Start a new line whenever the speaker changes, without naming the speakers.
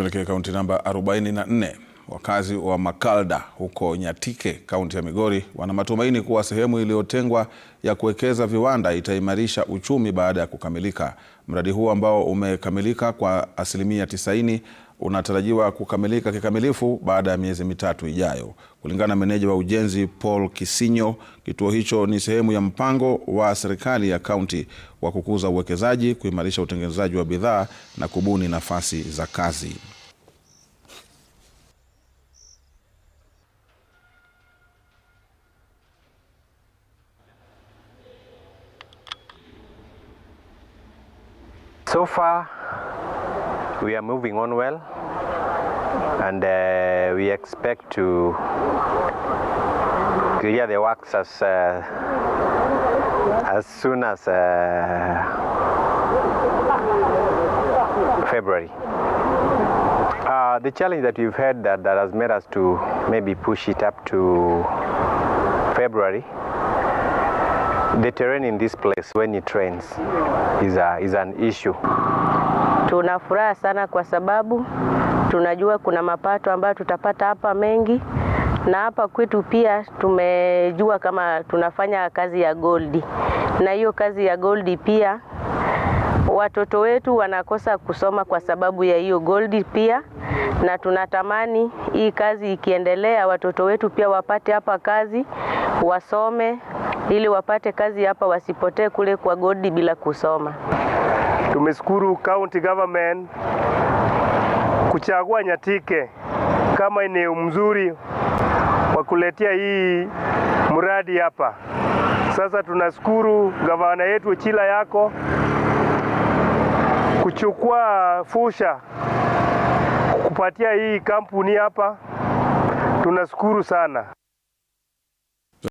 Tuelekee kaunti namba 44. Wakazi wa Makalda huko Nyatike, kaunti ya Migori, wana matumaini kuwa sehemu iliyotengwa ya kuwekeza viwanda itaimarisha uchumi baada ya kukamilika. Mradi huu ambao umekamilika kwa asilimia 90 unatarajiwa kukamilika kikamilifu baada ya miezi mitatu ijayo. Kulingana na meneja wa ujenzi Paul Kisinyo, kituo hicho ni sehemu ya mpango wa serikali ya kaunti wa kukuza uwekezaji, kuimarisha utengenezaji wa bidhaa na kubuni nafasi za kazi.
So far we are moving on well and uh, we expect to clear the works as uh, as soon as uh, February. Uh, the challenge that we've had that, that has made us to maybe push it up to February the terrain in this place when it rains is, a, is an issue.
Tuna furaha sana kwa sababu tunajua kuna mapato ambayo tutapata hapa mengi, na hapa kwetu pia tumejua kama tunafanya kazi ya goldi, na hiyo kazi ya goldi pia watoto wetu wanakosa kusoma kwa sababu ya hiyo goldi pia, na tunatamani hii kazi ikiendelea, watoto wetu pia wapate hapa kazi, wasome ili wapate kazi hapa, wasipotee kule kwa goldi bila kusoma.
Tumeshukuru county government kuchagua Nyatike kama eneo mzuri wa kuletea hii mradi hapa. Sasa tunashukuru gavana yetu Chila yako kuchukua fursa kupatia hii kampuni hapa, tunashukuru sana.